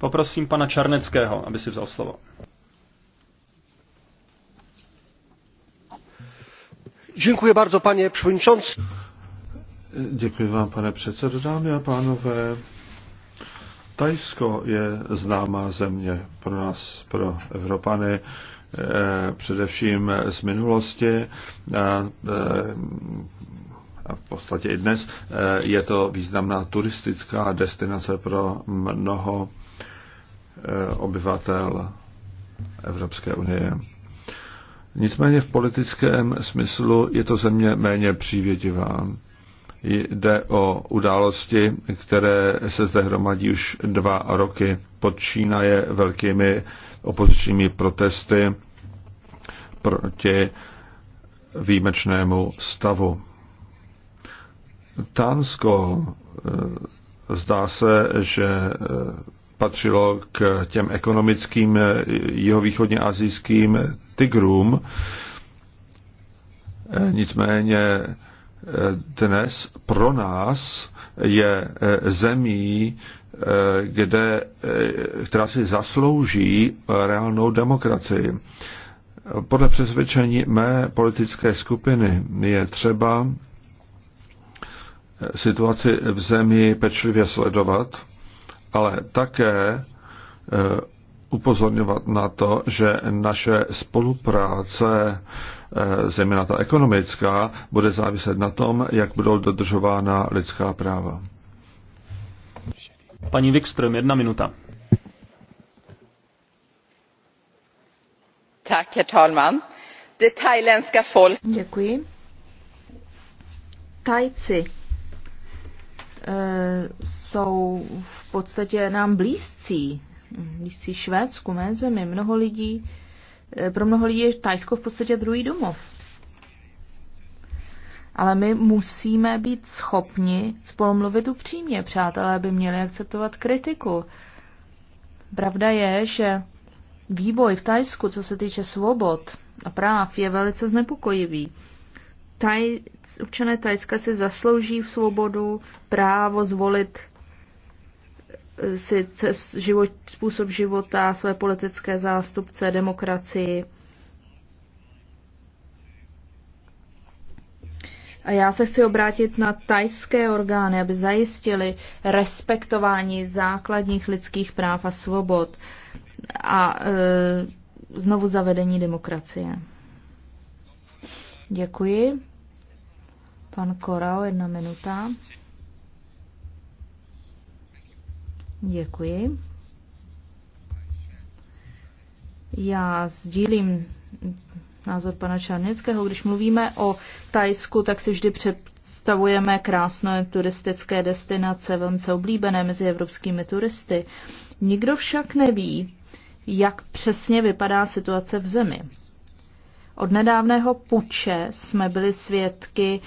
Poprosím pana Čarneckého, aby si vzal slovo. Děkuji bardzo, pane předsedající. Děkuji vám, pane předsedo. Dámy a pánové, Tajsko je známá země pro nás, pro Evropany, e, především z minulosti e, e, a v podstatě i dnes je to významná turistická destinace pro mnoho Eh, obyvatel Evropské unie. Nicméně v politickém smyslu je to země méně přívětivá. Jde o události, které se zde hromadí už dva roky. Podčína je velkými opozičními protesty proti výjimečnému stavu. Tánsko eh, zdá se, že eh, patřilo k těm ekonomickým eh, jihovýchodně azijským tigrům. Eh, nicméně eh, dnes pro nás je zemí, kde, která si zaslouží reálnou demokracii. Podle přesvědčení mé politické skupiny je třeba situaci v zemi pečlivě sledovat ale také eh, upozorňovat na to, že naše spolupráce, eh, zejména ta ekonomická, bude záviset na tom, jak budou dodržována lidská práva. Paní Wikström, jedna minuta. Tak, herr talman. Det thailändska folk... Děkuji. Tajci uh, jsou v podstatě nám blízcí, blízcí Švédsku, mé zemi. Mnoho lidí, eh, pro mnoho lidí je Tajsko v podstatě druhý domov. Ale my musíme být schopni spolu mluvit upřímně. Přátelé by měli akceptovat kritiku. Pravda je, že vývoj v Tajsku, co se týče svobod a práv, je velice znepokojivý. Taj, občané Tajska si zaslouží v svobodu právo zvolit si cez život, způsob života, své politické zástupce, demokracii. A já se chci obrátit na tajské orgány, aby zajistili respektování základních lidských práv a svobod a e, znovu zavedení demokracie. Děkuji. Pan Korao, jedna minuta. Děkuji. Já sdílím názor pana Čarnického. Když mluvíme o Tajsku, tak si vždy představujeme krásné turistické destinace, velmi oblíbené mezi evropskými turisty. Nikdo však neví, jak přesně vypadá situace v zemi. Od nedávného puče jsme byli svědky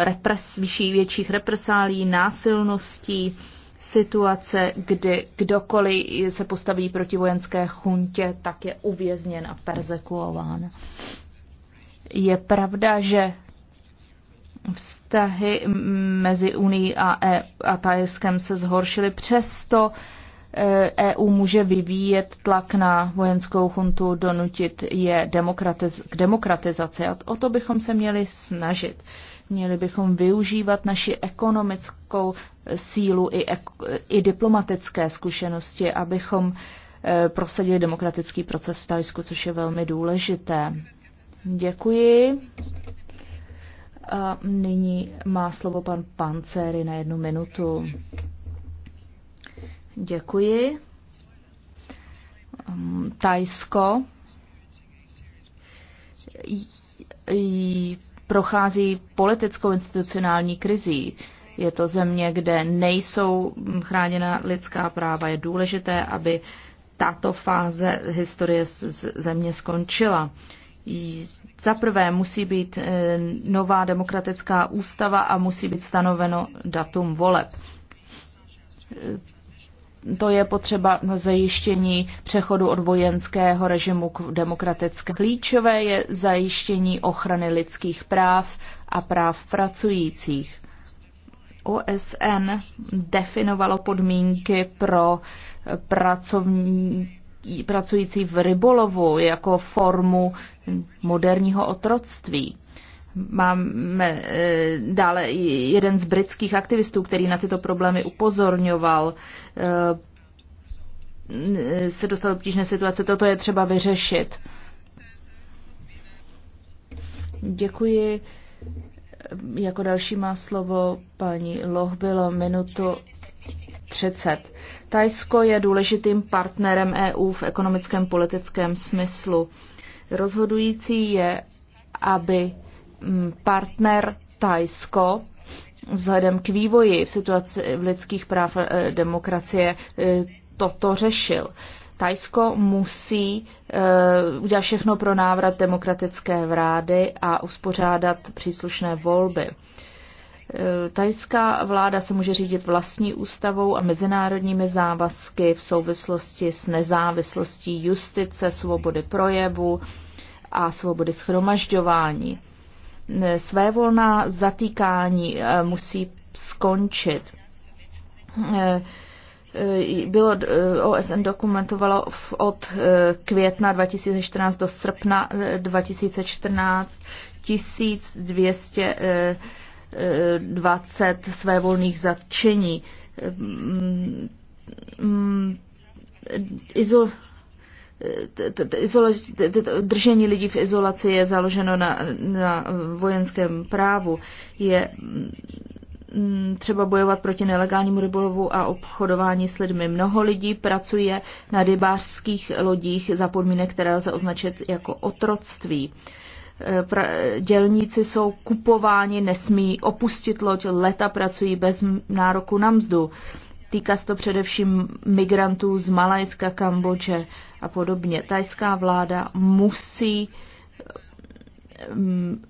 eh, repres, vyšší, větších represálí, násilností, situace, kdy kdokoliv se postaví proti vojenské chuntě, tak je uvězněn a persekuován. Je pravda, že vztahy mezi Unii a, e- a Tajskem se zhoršily, přesto EU e může vyvíjet tlak na vojenskou chuntu, donutit je demokratiz- k demokratizaci. A o to bychom se měli snažit. Měli bychom využívat naši ekonomickou sílu i, ek- i diplomatické zkušenosti, abychom eh, prosadili demokratický proces v Tajsku, což je velmi důležité. Děkuji. A nyní má slovo pan Pancery na jednu minutu. Děkuji. Tajsko prochází politickou institucionální krizí. Je to země, kde nejsou chráněna lidská práva. Je důležité, aby tato fáze historie země skončila. Za prvé musí být eh, nová demokratická ústava a musí být stanoveno datum voleb to je potřeba na zajištění přechodu od vojenského režimu k demokratické. Klíčové je zajištění ochrany lidských práv a práv pracujících. OSN definovalo podmínky pro pracovní, pracující v rybolovu jako formu moderního otroctví. Máme e, dále jeden z britských aktivistů, který na tyto problémy upozorňoval, e, e, se dostal do obtížné situace. Toto je třeba vyřešit. Děkuji. Jako další má slovo paní Loh bylo minutu 30. Tajsko je důležitým partnerem EU v ekonomickém politickém smyslu. Rozhodující je, aby Mm, partner Tajsko vzhledem k vývoji v situaci v lidských práv eh, demokracie eh, toto řešil. Tajsko musí uh, udělat všechno pro návrat demokratické vlády a uspořádat příslušné volby. Tajská vláda se může řídit vlastní ústavou a mezinárodními závazky v souvislosti s nezávislostí justice, svobody projevu a svobody schromažďování svévolná zatýkání eh, musí skončit. Eh, eh, bylo, OSN dokumentovalo od května 2014 do srpna 2014 1220 svévolných zatčení. Mm, mm, izol, držení lidí v izolaci je založeno na, na vojenském právu. Je mm, třeba bojovat proti nelegálnímu rybolovu a obchodování s lidmi. Mnoho lidí pracuje na rybářských lodích za podmínek, které lze označit jako otroctví. E, pra- dělníci jsou kupováni, nesmí opustit loď, leta pracují bez nároku na mzdu. Týká se to především migrantů z Malajska, Kambodže a podobně. Tajská vláda musí mm,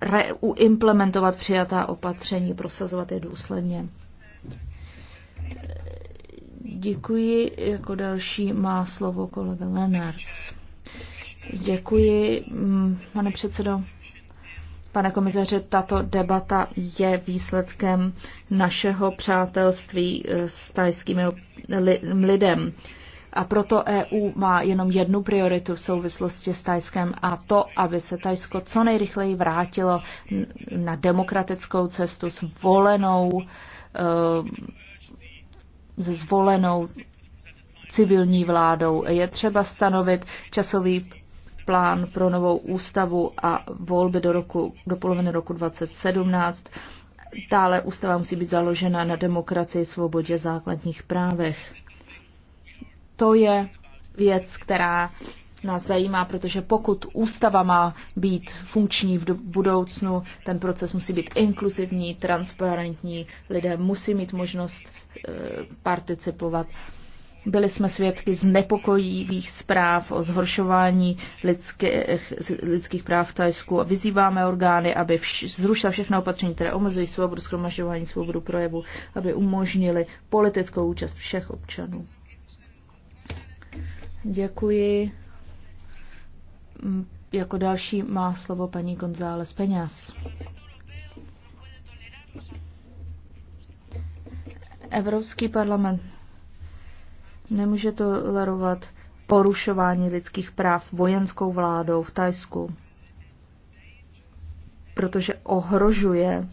implementovat přijatá opatření, prosazovat je důsledně. Děkuji. Jako další má slovo kolega Lenars. Děkuji, mm, pane předsedo. Pane komisaře, tato debata je výsledkem našeho přátelství eh, s tajským lidem. A proto EU má jenom jednu prioritu v souvislosti s Tajskem a to, aby se Tajsko co nejrychleji vrátilo na demokratickou cestu s volenou, se eh, zvolenou civilní vládou. Je třeba stanovit časový plán pro novou ústavu a volby do, roku, do poloviny roku 2017. Dále ústava musí být založena na demokracii, svobodě, základních právech. To je věc, která nás zajímá, protože pokud ústava má být funkční v budoucnu, ten proces musí být inkluzivní, transparentní, lidé musí mít možnost eh, participovat byli jsme svědky znepokojivých zpráv o zhoršování lidských, lidských práv v Tajsku a vyzýváme orgány, aby vš- zrušila všechna opatření, které omezují svobodu schromažďování, svobodu projevu, aby umožnili politickou účast všech občanů. Děkuji. Mm, jako další má slovo paní González Peňas. Evropský parlament Nemůže to tolerovat porušování lidských práv vojenskou vládou v Tajsku, protože ohrožuje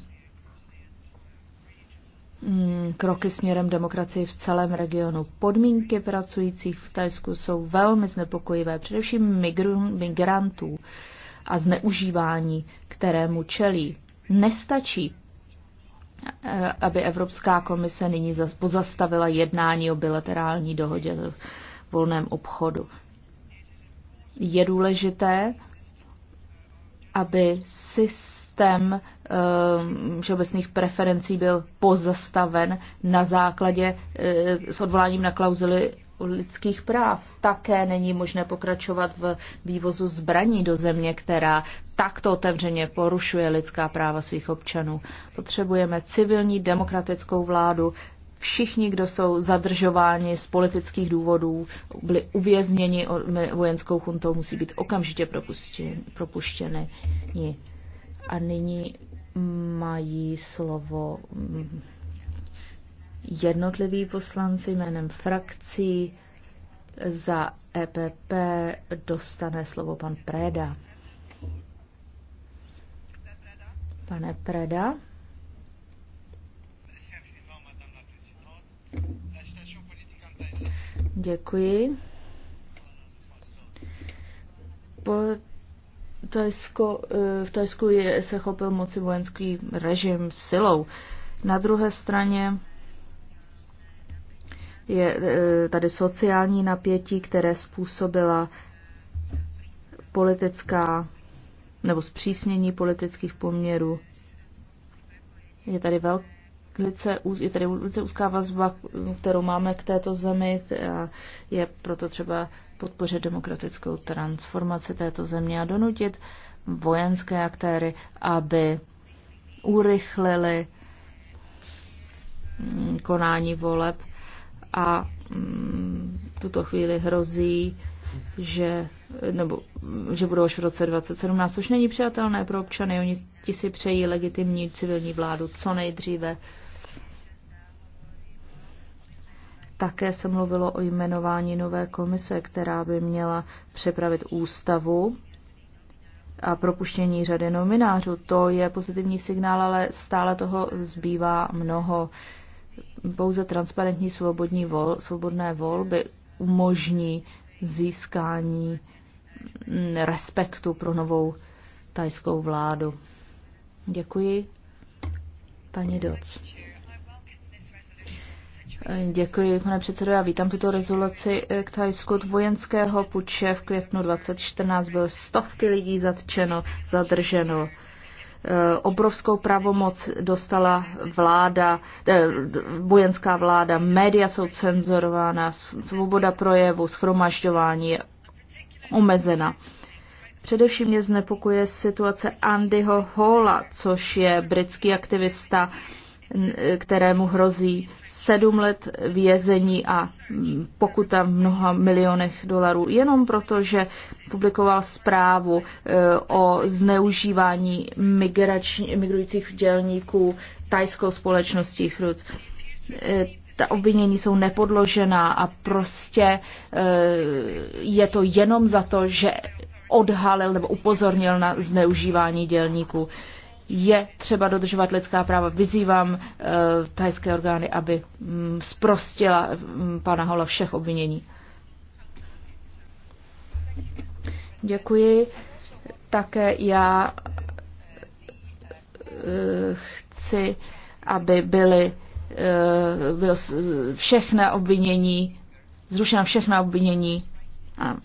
mm, kroky směrem demokracii v celém regionu. Podmínky pracujících v Tajsku jsou velmi znepokojivé, především migrantů a zneužívání, kterému čelí. Nestačí aby Evropská komise nyní pozastavila jednání o bilaterální dohodě v volném obchodu. Je důležité, aby systém eh, všeobecných preferencí byl pozastaven na základě eh, s odvoláním na klauzuly lidských práv. Také není možné pokračovat v vývozu zbraní do země, která takto otevřeně porušuje lidská práva svých občanů. Potřebujeme civilní demokratickou vládu. Všichni, kdo jsou zadržováni z politických důvodů, byli uvězněni vojenskou chuntou, musí být okamžitě propuštěni. A nyní mají slovo mm, jednotliví poslanci jménem frakcí. Za EPP dostane slovo pan Preda. Pane Preda. Děkuji. Po Tajsko, eh, v Tajsku je, se chopil moci vojenský režim silou. Na druhé straně je e, tady sociální napětí, které způsobila politická nebo zpřísnění politických poměrů. Je tady velice, je tady velice úzká vazba, kterou máme k této zemi a je proto třeba podpořit demokratickou transformaci této země a donutit vojenské aktéry, aby urychlili konání voleb a mm, v tuto chvíli hrozí, že, nebo, že budou až v roce 2017, což není přijatelné pro občany. Oni ti si přejí legitimní civilní vládu co nejdříve. Také se mluvilo o jmenování nové komise, která by měla přepravit ústavu a propuštění řady nominářů. To je pozitivní signál, ale stále toho zbývá mnoho. Uh, pouze transparentní svobodní vol, svobodné volby umožní získání mm, respektu pro novou tajskou vládu. Děkuji. Paní Doc. Děkuji, pane předsedo. Já vítám tuto rezoluci k Tajsku od vojenského puče v květnu 2014. Byly stovky lidí zatčeno, zadrženo. Eh, obrovskou pravomoc dostala vláda, eh, vojenská vláda, média jsou cenzorována, svoboda projevu, schromažďování je omezena. Především mě znepokuje situace Andyho Hola, což je britský aktivista, kterému hrozí sedm let vězení a pokuta v mnoha milionech dolarů, jenom proto, že publikoval zprávu eh, o zneužívání migrujících dělníků tajskou společností Hrud. Eh, ta obvinění jsou nepodložená a prostě eh, je to jenom za to, že odhalil nebo upozornil na zneužívání dělníků je třeba dodržovat lidská práva. Vyzývám uh, eh, tajské orgány, aby um, zprostila um, pana Hola všech obvinění. Děkuji. Také já uh, chci, aby byly uh, všechna obvinění, zrušena všechna obvinění a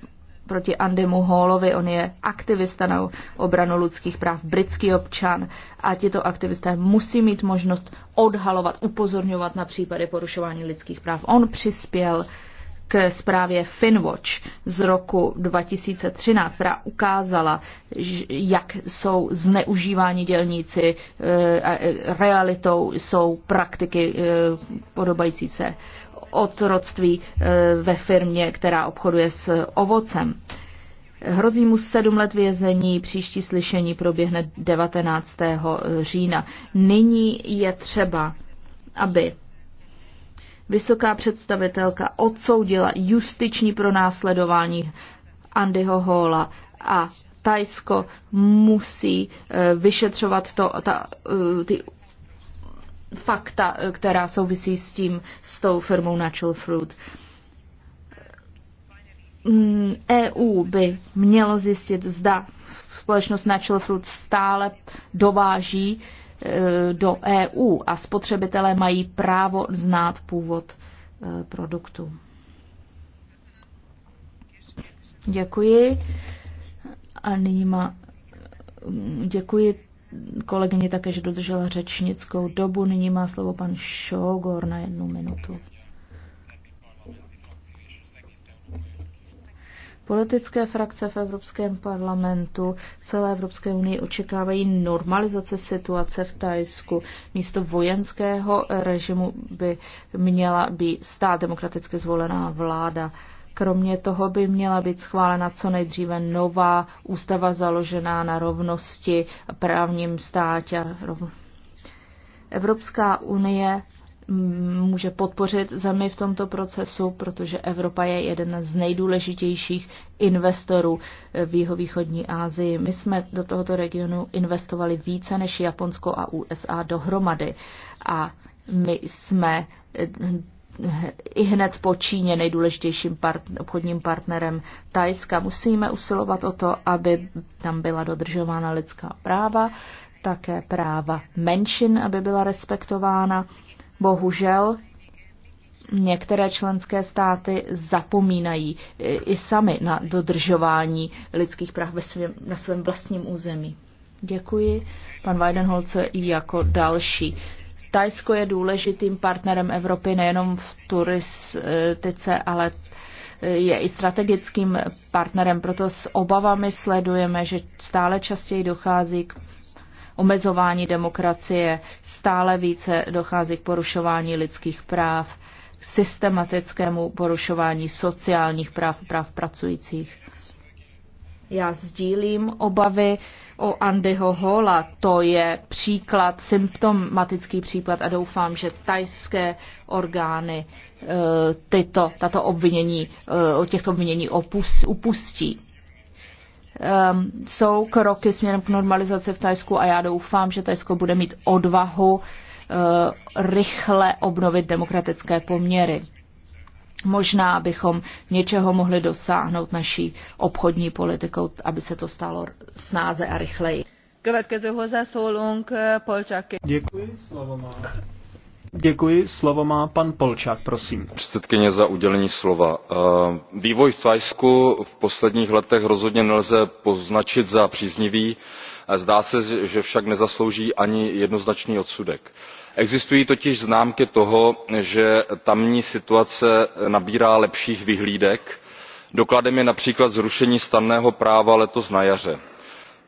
proti Andemu Hallovi, on je aktivista na obranu lidských práv, britský občan a tito aktivisté musí mít možnost odhalovat, upozorňovat na případy porušování lidských práv. On přispěl k zprávě Finwatch z roku 2013, která ukázala, jak jsou zneužíváni dělníci, eh, eh, realitou jsou praktiky eh, podobající se otroctví eh, ve firmě, která obchoduje s ovocem. Hrozí mu sedm let vězení, příští slyšení proběhne 19. Eh, října. Nyní je třeba, aby vysoká představitelka odsoudila justiční pronásledování Andyho Hola a Tajsko musí eh, vyšetřovat to, ta, ty fakta, eh, která souvisí s tím, s tou firmou Natural Fruit. Mm, EU by mělo zjistit, zda společnost Natural Fruit stále dováží eh, do EU a spotřebitelé mají právo znát původ eh, produktu. Děkuji. A nyní má... Děkuji kolegyně také, že dodržela řečnickou dobu. Nyní má slovo pan Šogor na jednu minutu. Politické frakce v Evropském parlamentu v celé Evropské unii očekávají normalizace situace v Tajsku. Místo vojenského režimu by měla být stát demokraticky zvolená vláda. Eh, Kromě toho by měla být schválena co nejdříve nová ústava založená na rovnosti, právním státě. Evropská unie může podpořit zemi v tomto procesu, protože Evropa je jeden z nejdůležitějších investorů v jihovýchodní Asii. My jsme do tohoto regionu investovali více než Japonsko a USA dohromady a my jsme i hned po Číně nejdůležitějším part, obchodním partnerem Tajska. Musíme usilovat o to, aby tam byla dodržována lidská práva, také práva menšin, aby byla respektována. Bohužel některé členské státy zapomínají i sami na dodržování lidských práv ve svém, na svém vlastním území. Děkuji. Pan Weidenholzer i jako další. Tajsko je důležitým partnerem Evropy nejenom v turistice, ale eh, je i strategickým partnerem. Proto s obavami sledujeme, že stále častěji dochází k omezování demokracie, stále více dochází k porušování lidských práv, k systematickému porušování sociálních práv, práv pracujících. Já sdílím obavy o Andyho Hola. To je příklad, symptomatický příklad a doufám, že tajské orgány eh, tyto, tato obvinění, eh, těchto obvinění opus, upustí. Um, jsou kroky směrem k normalizaci v Tajsku a já doufám, že Tajsko bude mít odvahu uh, rychle obnovit demokratické poměry Možná bychom něčeho mohli dosáhnout naší obchodní politikou, aby se to stalo snáze a rychleji. Eh, Děkuji, slovo má. Děkuji, slovo má pan Polčák, prosím. Předsedkyně za udělení slova. Eh, vývoj v Thajsku v posledních letech rozhodně nelze poznačit za příznivý. Zdá se, že však nezaslouží ani jednoznačný odsudek existují totiž známky toho že tamní situace nabírá lepších vyhlídek dokladem je například zrušení stanného práva letos na jaře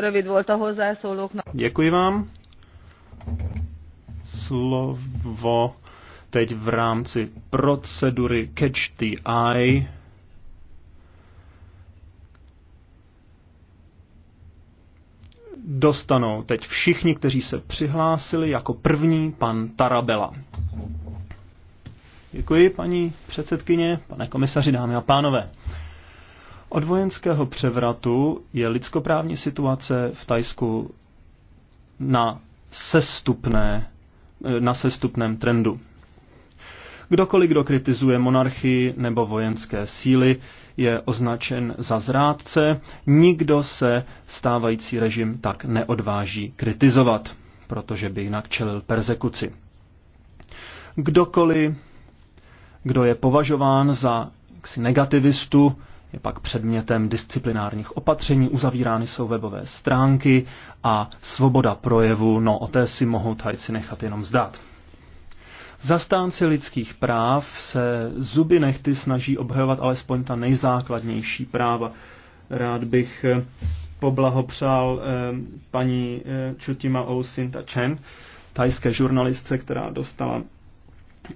Rövid volt a hozzászólóknak. Děkuji vám. Slovo teď v rámci procedury Catch the Eye. Dostanou teď všichni, kteří se přihlásili, jako první pan Tarabela. Děkuji, paní předsedkyně, pane komisaři, dámy a pánové. Od vojenského převratu je lidskoprávní situace v Tajsku na sestupné, na sestupném trendu. Kdokoliv, kdo kritizuje monarchii nebo vojenské síly, je označen za zrádce, nikdo se stávající režim tak neodváží kritizovat, protože by jinak čelil persekuci. Kdokoliv, kdo je považován za negativistu, je pak předmětem disciplinárních opatření, uzavírány jsou webové stránky a svoboda projevu, no o té si mohou Thajci nechat jenom zdát. Zastánci lidských práv se zuby nechty snaží obhajovat alespoň ta nejzákladnější práva. Rád bych eh, poblahopřál eh, paní eh, Čutima Ousinta Chen, tajské žurnalistce, která dostala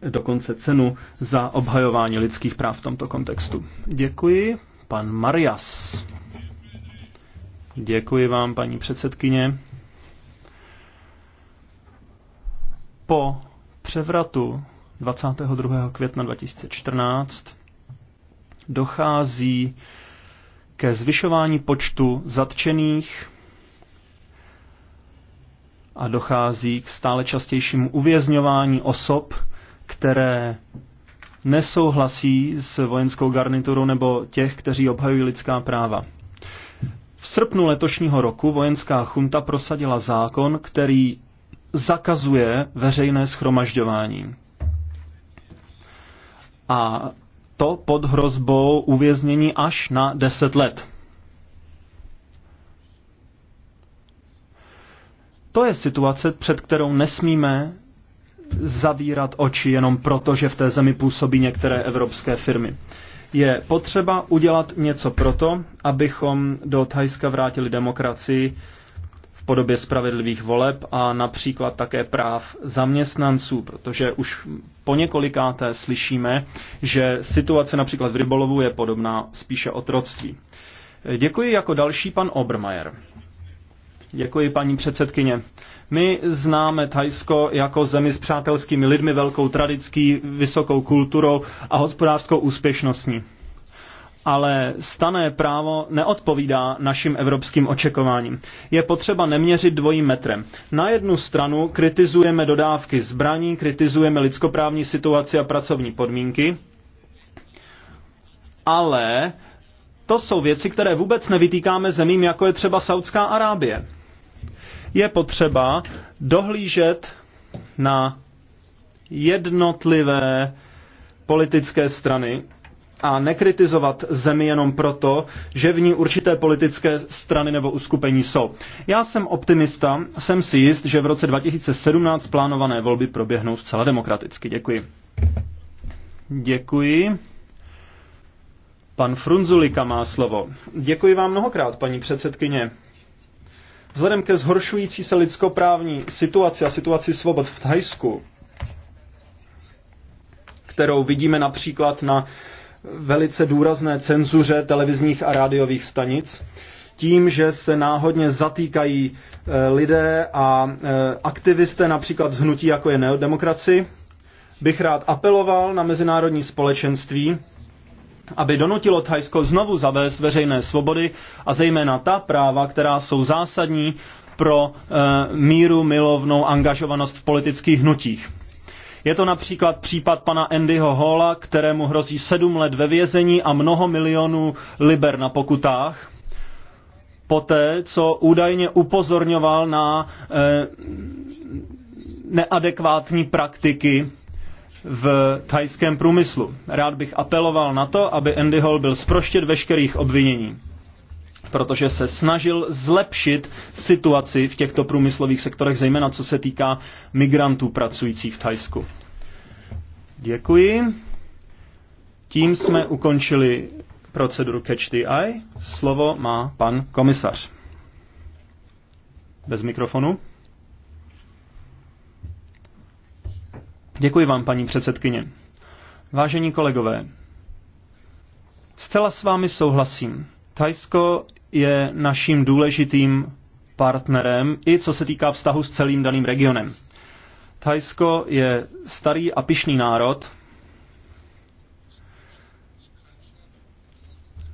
dokonce cenu za obhajování lidských práv v tomto kontextu. Děkuji. Pan Marias. Děkuji vám, paní předsedkyně. Po převratu 22. května 2014 dochází ke zvyšování počtu zatčených a dochází k stále častějšímu uvězňování osob, které nesouhlasí s vojenskou garniturou nebo těch, kteří obhajují lidská práva. V srpnu letošního roku vojenská chunta prosadila zákon, který zakazuje veřejné schromažďování. A to pod hrozbou uvěznění až na 10 let. To je situace, před kterou nesmíme zavírat oči jenom proto, že v té zemi působí některé evropské firmy. Je potřeba udělat něco proto, abychom do Thajska vrátili demokracii v podobě spravedlivých voleb a například také práv zaměstnanců, protože už po několikáté slyšíme, že situace například v rybolovu je podobná spíše otroctví. Děkuji jako další pan Obermajer. Děkuji paní předsedkyně. My známe Thajsko jako zemi s přátelskými lidmi, velkou tradicí, vysokou kulturou a hospodářskou úspěšností. Ale stané právo neodpovídá našim evropským očekováním. Je potřeba neměřit dvojím metrem. Na jednu stranu kritizujeme dodávky zbraní, kritizujeme lidskoprávní situaci a pracovní podmínky, ale to jsou věci, které vůbec nevytýkáme zemím, jako je třeba Saudská Arábie je potřeba dohlížet na jednotlivé politické strany a nekritizovat zemi jenom proto, že v ní určité politické strany nebo uskupení jsou. Já jsem optimista, jsem si jist, že v roce 2017 plánované volby proběhnou zcela demokraticky. Děkuji. Děkuji. Pan Frunzulika má slovo. Děkuji vám mnohokrát, paní předsedkyně. Vzhledem ke zhoršující se lidskoprávní situaci a situaci svobod v Thajsku, kterou vidíme například na velice důrazné cenzuře televizních a rádiových stanic, tím, že se náhodně zatýkají eh, lidé a eh, aktivisté například z hnutí jako je neodemokraci, bych rád apeloval na mezinárodní společenství, aby donutilo Thajsko znovu zavést veřejné svobody a zejména ta práva, která jsou zásadní pro e, míru milovnou angažovanost v politických hnutích. Je to například případ pana Andyho Hola, kterému hrozí sedm let ve vězení a mnoho milionů liber na pokutách, poté co údajně upozorňoval na e, neadekvátní praktiky v thajském průmyslu. Rád bych apeloval na to, aby Andy Hall byl zproštět veškerých obvinění protože se snažil zlepšit situaci v těchto průmyslových sektorech, zejména co se týká migrantů pracujících v Thajsku. Děkuji. Tím jsme ukončili proceduru Catch the Eye. Slovo má pan komisař. Bez mikrofonu. Děkuji vám, paní předsedkyně. Vážení kolegové, zcela s vámi souhlasím. Tajsko je naším důležitým partnerem i co se týká vztahu s celým daným regionem. Thajsko je starý a pišný národ,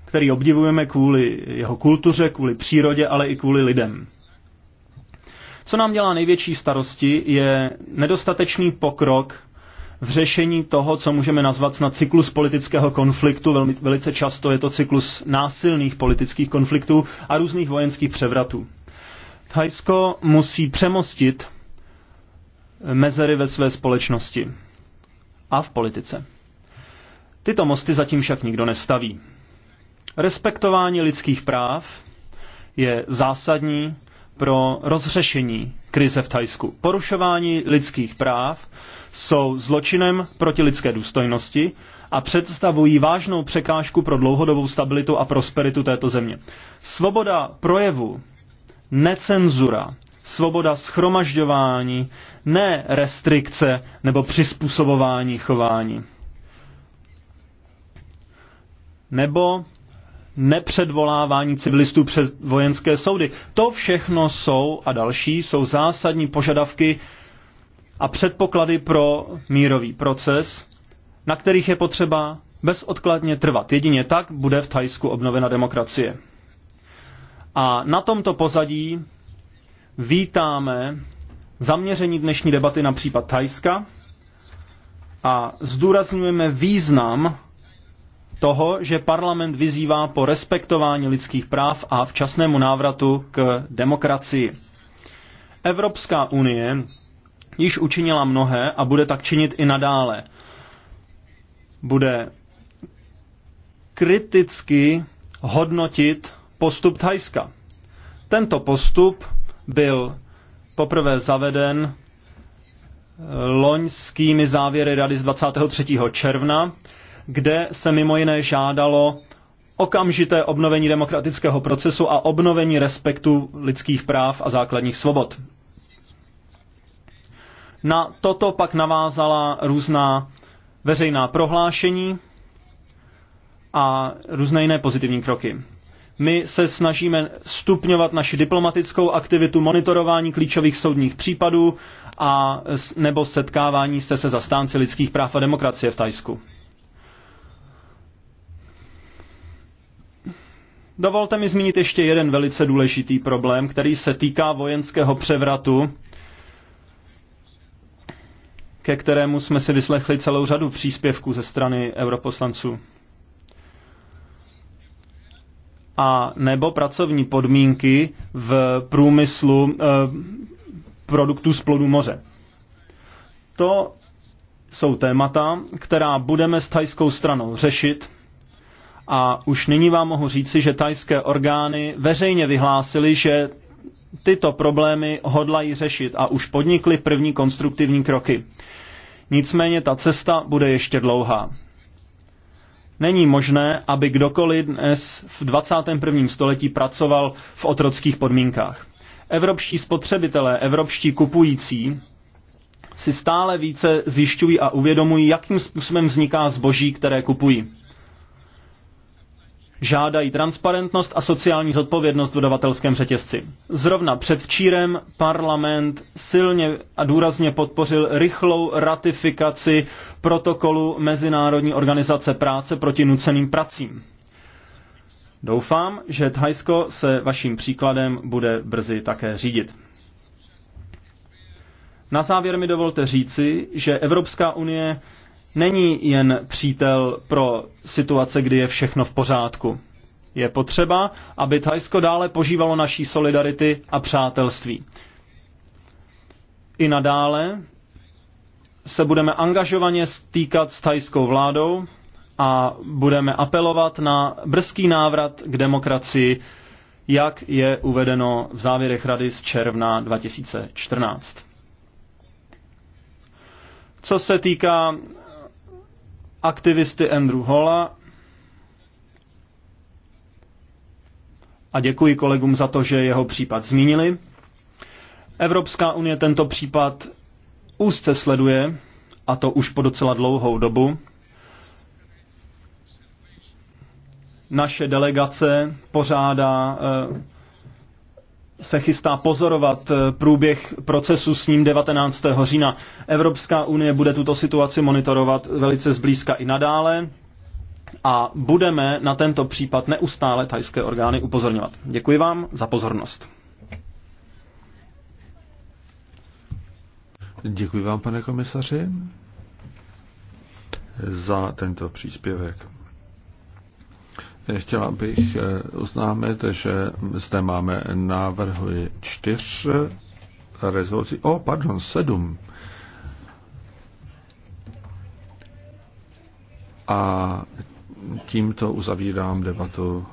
který obdivujeme kvůli jeho kultuře, kvůli přírodě, ale i kvůli lidem. Co nám dělá největší starosti, je nedostatečný pokrok v řešení toho, co můžeme nazvat snad cyklus politického konfliktu. Velmi, velice často je to cyklus násilných politických konfliktů a různých vojenských převratů. Thajsko musí přemostit mezery ve své společnosti a v politice. Tyto mosty zatím však nikdo nestaví. Respektování lidských práv je zásadní pro rozřešení krize v Tajsku. Porušování lidských práv jsou zločinem proti lidské důstojnosti a představují vážnou překážku pro dlouhodobou stabilitu a prosperitu této země. Svoboda projevu, necenzura, svoboda schromažďování, ne restrikce nebo přizpůsobování chování. Nebo nepředvolávání civilistů před vojenské soudy. To všechno jsou a další jsou zásadní požadavky a předpoklady pro mírový proces, na kterých je potřeba bezodkladně trvat. Jedině tak bude v Thajsku obnovena demokracie. A na tomto pozadí vítáme zaměření dnešní debaty na případ Thajska a zdůrazňujeme význam toho, že parlament vyzývá po respektování lidských práv a včasnému návratu k demokracii. Evropská unie již učinila mnohé a bude tak činit i nadále. Bude kriticky hodnotit postup Thajska. Tento postup byl poprvé zaveden loňskými závěry Rady z 23. června kde se mimo jiné žádalo okamžité obnovení demokratického procesu a obnovení respektu lidských práv a základních svobod. Na toto pak navázala různá veřejná prohlášení a různé jiné pozitivní kroky. My se snažíme stupňovat naši diplomatickou aktivitu, monitorování klíčových soudních případů a nebo setkávání se se zastánci lidských práv a demokracie v Tajsku. Dovolte mi zmínit ještě jeden velice důležitý problém, který se týká vojenského převratu, ke kterému jsme si vyslechli celou řadu příspěvků ze strany europoslanců. A nebo pracovní podmínky v průmyslu e, produktů z plodu moře. To jsou témata, která budeme s thajskou stranou řešit a už nyní vám mohu říci, že tajské orgány veřejně vyhlásily, že tyto problémy hodlají řešit a už podnikly první konstruktivní kroky. Nicméně ta cesta bude ještě dlouhá. Není možné, aby kdokoliv dnes v 21. století pracoval v otrockých podmínkách. Evropští spotřebitelé, evropští kupující si stále více zjišťují a uvědomují, jakým způsobem vzniká zboží, které kupují žádají transparentnost a sociální zodpovědnost v dodavatelském řetězci. Zrovna před včírem parlament silně a důrazně podpořil rychlou ratifikaci protokolu Mezinárodní organizace práce proti nuceným pracím. Doufám, že Thajsko se vaším příkladem bude brzy také řídit. Na závěr mi dovolte říci, že Evropská unie není jen přítel pro situace, kdy je všechno v pořádku. Je potřeba, aby Thajsko dále požívalo naší solidarity a přátelství. I nadále se budeme angažovaně stýkat s thajskou vládou a budeme apelovat na brzký návrat k demokracii, jak je uvedeno v závěrech Rady z června 2014. Co se týká aktivisty Andrew Holla a děkuji kolegům za to, že jeho případ zmínili. Evropská unie tento případ úzce sleduje, a to už po docela dlouhou dobu. Naše delegace pořádá eh, se chystá pozorovat eh, průběh procesu s ním 19. října. Evropská unie bude tuto situaci monitorovat velice zblízka i nadále a budeme na tento případ neustále tajské orgány upozorňovat. Děkuji vám za pozornost. Děkuji vám, pane komisaři, za tento příspěvek. Chtěla bych eh, oznámit, že zde máme návrhy čtyř rezolucí. O, oh, pardon, sedm. A tímto uzavírám debatu.